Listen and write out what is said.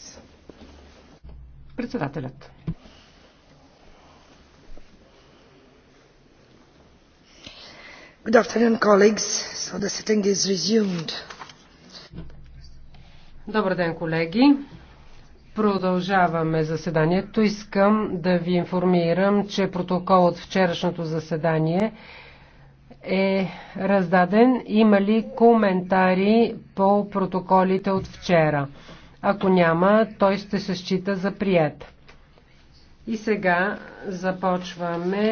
кодекс. Председателят. Good afternoon, colleagues. So the sitting is resumed. Добър ден, колеги. Продължаваме заседанието. Искам да ви информирам, че протокол от вчерашното заседание е раздаден. Има ли коментари по протоколите от вчера? Ако няма, той ще се счита за прият. И сега започваме